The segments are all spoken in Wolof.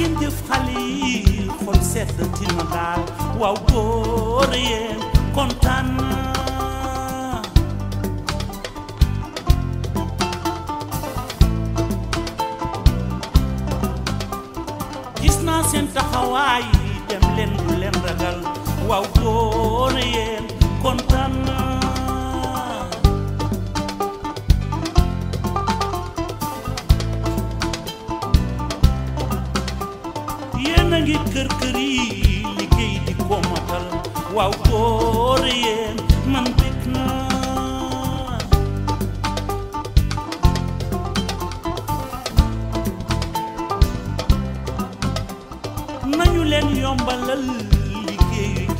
ngeen jëf xale yi xol sedd tina daal waaw góor yeen kontaan gis naa seen taxawaay dem leen du ragal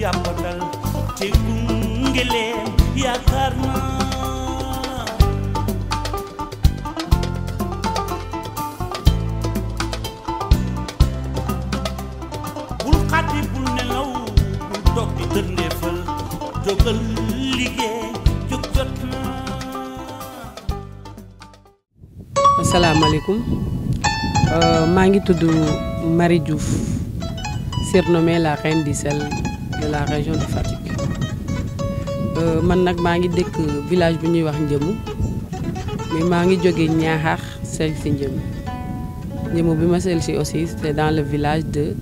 jàppandal euh, maa ngi tudd Marie Diouf surnommée la reine du sel de la région de Fatick Je suis le village de ñuy wax mais sel aussi c'est dans le village de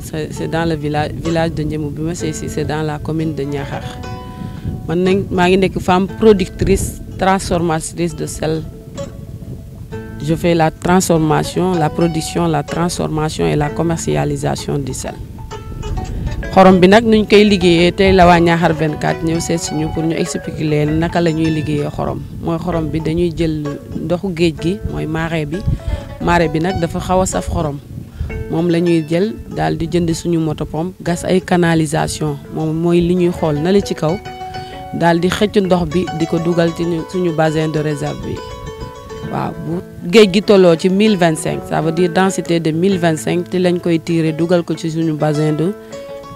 c'est dans le village de Ndjemou. c'est dans la commune de Ñaaxar Je suis une femme productrice transformatrice de sel je fais la transformation la production la transformation et la commercialisation du sel xorom bi nag nuñ koy liggéeyee tey la waa Niakhar 24 ñëw seet si ñu pour ñu expliquer leen naka la ñuy liggéeyee xorom mooy xorom bi dañuy jël ndoxu géej gi mooy marais bi marais bi nag dafa xaw a saf xorom moom la ñuy jël daal di jënd suñu moto pompe gas ay canalisation moom mooy li ñuy xool na ci kaw daal di xëcc ndox bi di ko dugal ci suñu basin de réserve bi waaw géej gi tolloo ci 1025 ça veut dire densité de 1025 ti lañ koy tiire dugal ko ci suñu basin de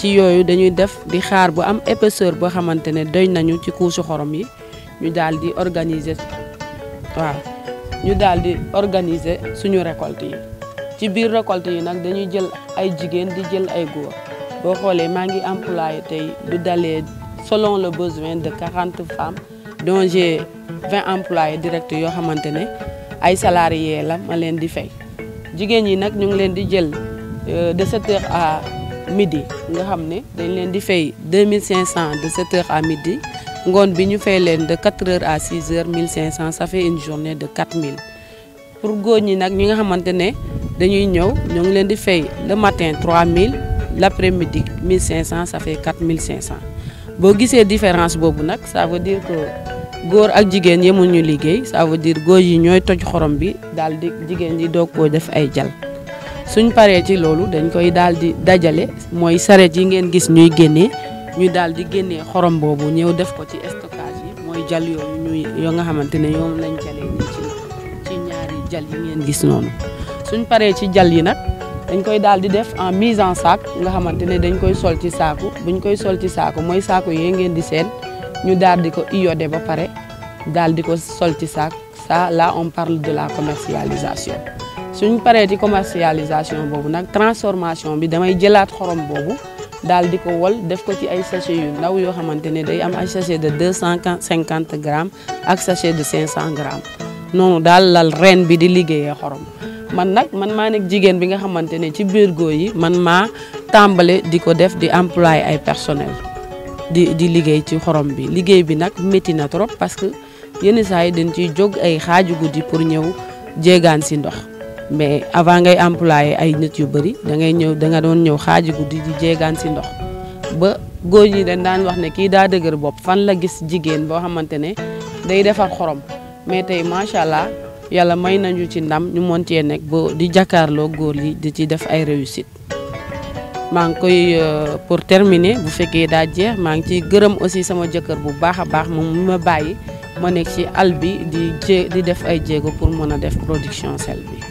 ci yooyu dañuy def di xaar bu am épaisseur boo xamante ne doy nañu ci couche xorom yi ñu daal di organiser waaw ñu daal di organiser suñu récolte yi ci biir récolte yi nag dañuy jël ay jigéen di jël ay góor boo xoolee maa ngi employé tey du dalee selon le besoin de 40 femmes dont j'ai 20 employés directs yoo xamante ne ay salariés la ma leen di fay jigéen yi nag ñu ngi leen di jël euh, de 7 heures à midi nga xamné 2500 de 7 h à midi nous bi ñu fay de 4 h à 6 h 1500 ça fait une journée de 4000 pour goñi nous ñi nga le matin 3000 laprès midi 1500 ça fait 4500 Si vous différence bobu ça veut dire que goor ak jigen yemuñu liggéey ça veut dire que yi toj xorom bi dal di jigen suñ paree ci loolu dañ koy daal di dajale mooy saret yi ngeen gis ñuy génnee ñu daal di génnee xorom boobu ñëw def ko ci stockage yi mooy jal yooyu ñuy yoo nga xamante ne yoom lañ jalee ñu ci ñaari jal yi ngeen gis noonu suñ paree ci jal yi nag dañ koy daal di def en mise en sac nga xamante ne dañ koy sol ci saaku buñ koy sol ci saaku mooy saaku yee ngeen di seen ñu daal di ko iodé ba pare daal di ko sol ci saak ça là on parle de la commercialisation suñu paree ci commercialisation bobu nak transformation bi damay jëlat xorom bobu dal di ko wol def ko ci ay sachet yu ndaw yo xamante day am ay sachet de deux cent cinquante grammes ak sachet de cinq cent grammes non, dal lal reen bi di liggéeyee xorom man nak man maa nekk jigéen bi nga xamante ci biir yi man ma, tambalé diko def di employé ay personnel di di liggéey ci xorom bi liggéey bi nak métti na trop parce que yenn say yi dañ ciy jog ay xaaju guddi pour ñew jéegaan ci ndox mais avant ngay employé ay nit yu bari da ngay ñew da nga doon ñew xaji guddi di jégan ci ndox ba góor yi dañ daan wax ne ki da dëgër bop fan la gis jigen bo xamantene ne day defar xorom mais tey macha allah yàlla may nañu ci ndam ñu monté nek bo di jakarlo goor yi di ci def ay réussite mang koy euh, pour terminer bu fekkee da jeex mang ci ciy gërëm aussi sama jëkkër bu baaxa baax mu ma bayyi ma nek ci albi di di def ay jéego pour mëna def production sel bi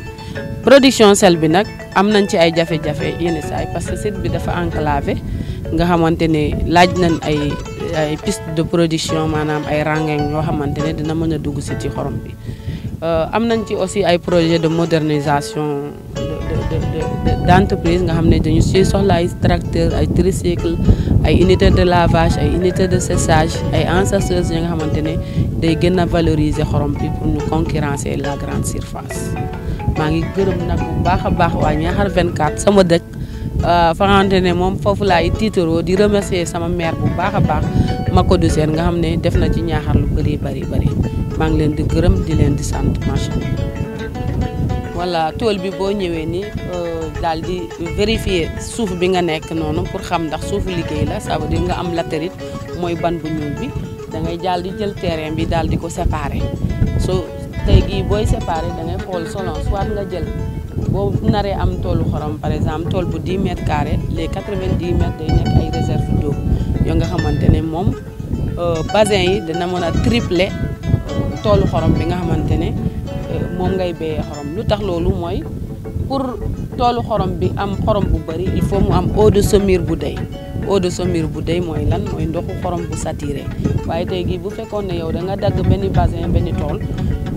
production sel bi nag am nañ ci ay jafé jafé yenn saay parce que site bi dafa enclavé nga xamanténi ne laaj nañ ay ay piste de production manam ay rangeng yoo xamanténi dina mëna a dugg si ci xorom bi euh, am nañ ci aussi ay projet de modernisation de de d' entreprise nga xamné dañu ci soxla ay tracteur ay tricycle ay unité de lavage ay unité de séchage ay ensacheuse nga xamanténi day gëna valoriser xorom bi pour nous concurrencer la grande surface Mangi gërëm nak bu baaxa baax wa ñaar 24 sama dëkk euh, fa nga xamante ne moom foofu laay di remercier sama mère bu baax mako du sen nga xamné def na ci Niakhar lu bari bari bari leen di gërëm di leen di sant macha wala tool bi bo ñëwé ni euh, dal di vérifier suuf bi nga nekk nonu pour xam ndax suufu liggéey la ça veut dire nga am latérite moy ban bu ñuul bi da ngay dal di jël terrain bi dal di ko séparer tey gi booy séparer da ngay xool selon soit nga jël bo naré am tolu xorom par exemple tol bu 10 mètres carrés les 90 mètres day nek ay réserve d'eau yo nga xamantene ne euh bassin yi dana mëna tripler tolu xorom bi nga xamantene ne euh, ngay bé xorom lutax lolu moy pour tolu xorom bi am xorom bu bari il faut mu am eau de saumure bu day eau de bu day moy lan moy ndoxu xorom bu saturé waye tay gi bu fekkone yow da nga dag benn bassin benn tol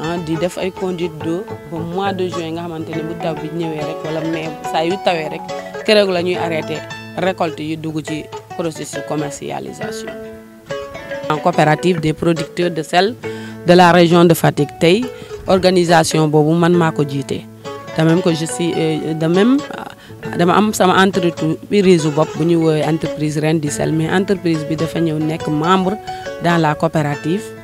Hein, def ay mois de juin nga bu la récolte processus commercialisation. en coopérative des producteurs de sel de la région de Fatick organisation man même je suis euh, de même entreprise entreprise Sel mais entreprise bi membre dans la coopérative.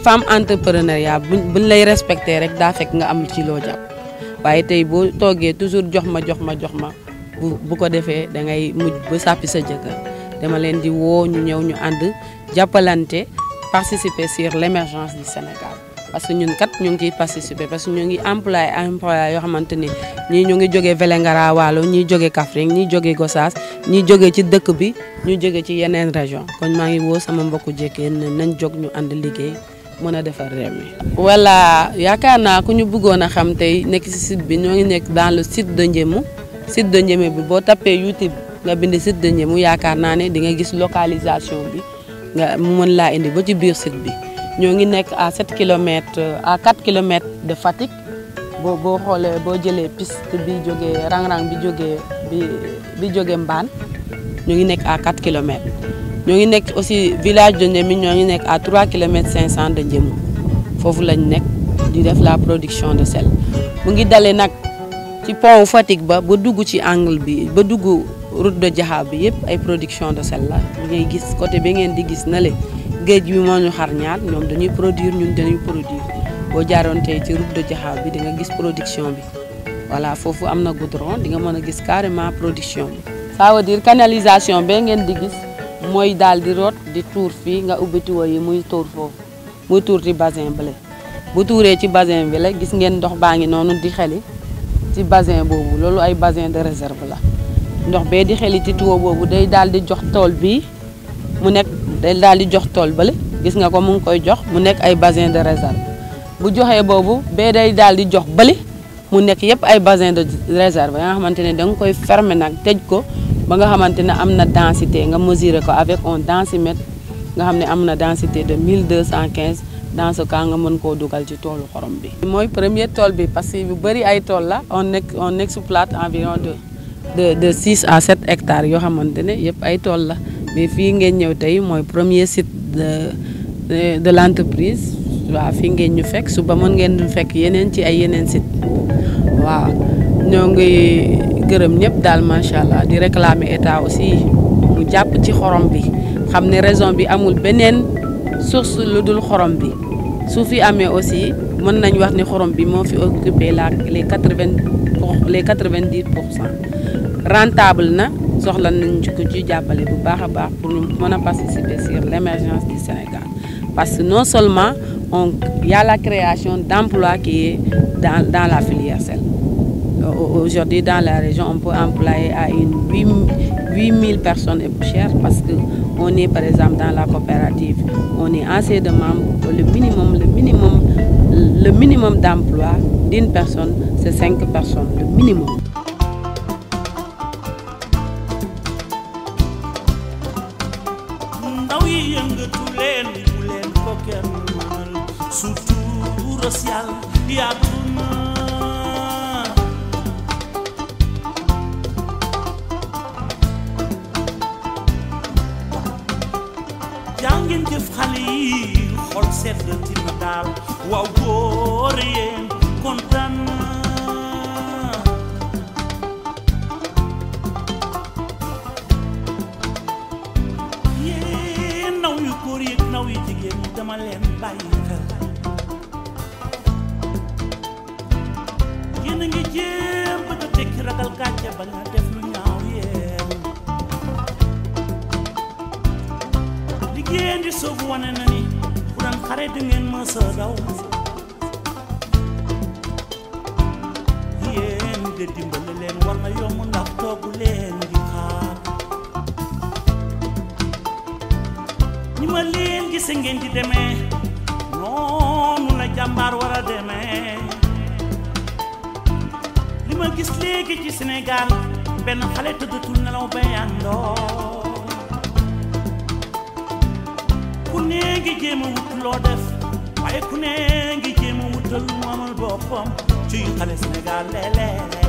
femme entrepreneuriat bu buñ lay respecté rek daa fekk nga am ci loo waaye tey boo toogee toujours jox ma jox ma jox ma bu ko defee da ngay mujj ba sàppi sa jëkkër dama leen di woo ñu ñëw ñu ànd jàppalante participer sur l'émergence du Sénégal parce que ñun kat ñu ngi ciy participer parce que ñu ngi employé employé yoo xamante ni ñii ñu ngi jógee Vélingara Waalo ñii jógee Kaffrine ñii jógee Gossas ñii jógee ci dëkk bi ñu jógee ci yeneen région kon maa ngi woo sama mbokku jékkee nañ jóg ñu ànd liggéey mëna défar defar réew mi voilà yaakaar naa ku ñu bëggona xam tay nek ci site bi ñoo ngi nek dans le site de Ndiémou site de Ndiémou bi bo tapé YouTube nga bind site de Ndiémou yaakaar naa ne di nga gis localisation bi nga mën la indi ba ci biir site bi ñoo ngi nek à 7 km à 4 km de Fatick bo bo xolé bo jëlé piste bi joggé rang-rang bi joggé bi bi joggé mbane ñu ngi nek à 4 km ñoo ngi nekk aussi village de Ndémi ñoo ngi nekk à 3 kilomètres 500 de Ndiémou foofu lañ nekk di def la production de sel mu ngi dale nag ci pont Fatick ba ba dugg ci angle bi ba dugg route de Diakha bi yëpp ay production de sel la ngay gis côté bi ngeen di gis na le bi moo ñu xar ñaar ñoom dañuy produire ñun dañuy produire boo jaaroon tey ci route de bi di nga gis production bi voilà foofu am na goudron di nga mën a gis carrément production bi ça canalisation bee ngeen di gis moy dal di rot di tour fi nga ubbi tour yi muy tour foofu muy tour ci bassin bële bu touré ci bassin bi la gis ngeen ndox baangi di xeli ci bassin bobu ay bassin de réserve la ndox be di xeli ci bobu day de di jox mu day di jox gis nga ko mu ngi koy jox mu ay bassin de réserve bu joxé bobu be day di jox mu ay bassin de réserve nga ba nga xamantene amna densité nga mesurer ko avec un densimètre nga xamné amna densité de 1215 dans ce cas nga mën ko dougal ci tolu xorom bi. moy premier tol bi parce que bu bari ay tol la on nek on nek plate environ de de de 6 à 7 hectares yo xamantene yep ay tol la mais fi ngeen ñew tay moy premier site de de de l'entreprise wa fi fii ngeen ñu fekk suba mën ngeen fekk yenen ci ay yenen site wa ñoo ngi. gërëm ñëpp daal macha allah di réclamer état aussi mu jàpp ci xorom bi xam ne raison bi amul beneen source lu dul xorom bi su fi amee aussi mën nañ wax ni xorom bi moo fi occupé la les 80 les 90 pour cent rentable na soxla nañ ko ci jàppale bu baax a baax pour ñu mën a participer sur l' émergence du Sénégal parce que non seulement on y a la création d' emploi qui est dans dans la filière celle Aujourd'hui, dans la région, on peut employer à une 8000 personnes et plus cher parce qu'on est, par exemple, dans la coopérative. On est assez de membres. Le minimum, le minimum, le minimum d'emploi d'une personne, c'est 5 personnes, le minimum. jëf xale yi xol sedd tina daal waaw góor yéen kontaan yéen naw yu góor yeeg naw yu jigéen dama ngi ragal ba nga ngeen di soobu wane na ni bu daan xare di ngeen mësa daw yéen de dimbale leen war na yomb ndax toogu leen di xaar ni ma leen gise ngeen di demee noonu la jàmbaar war a demee li ma gis léegi ci Sénégal benn xale tëddatul nelaw bayandoo ne ngi jéem a wut loo def waaye ku ne ngi jéem a wutal moomal boppam ci xale Sénégal léeg-léeg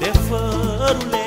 deferule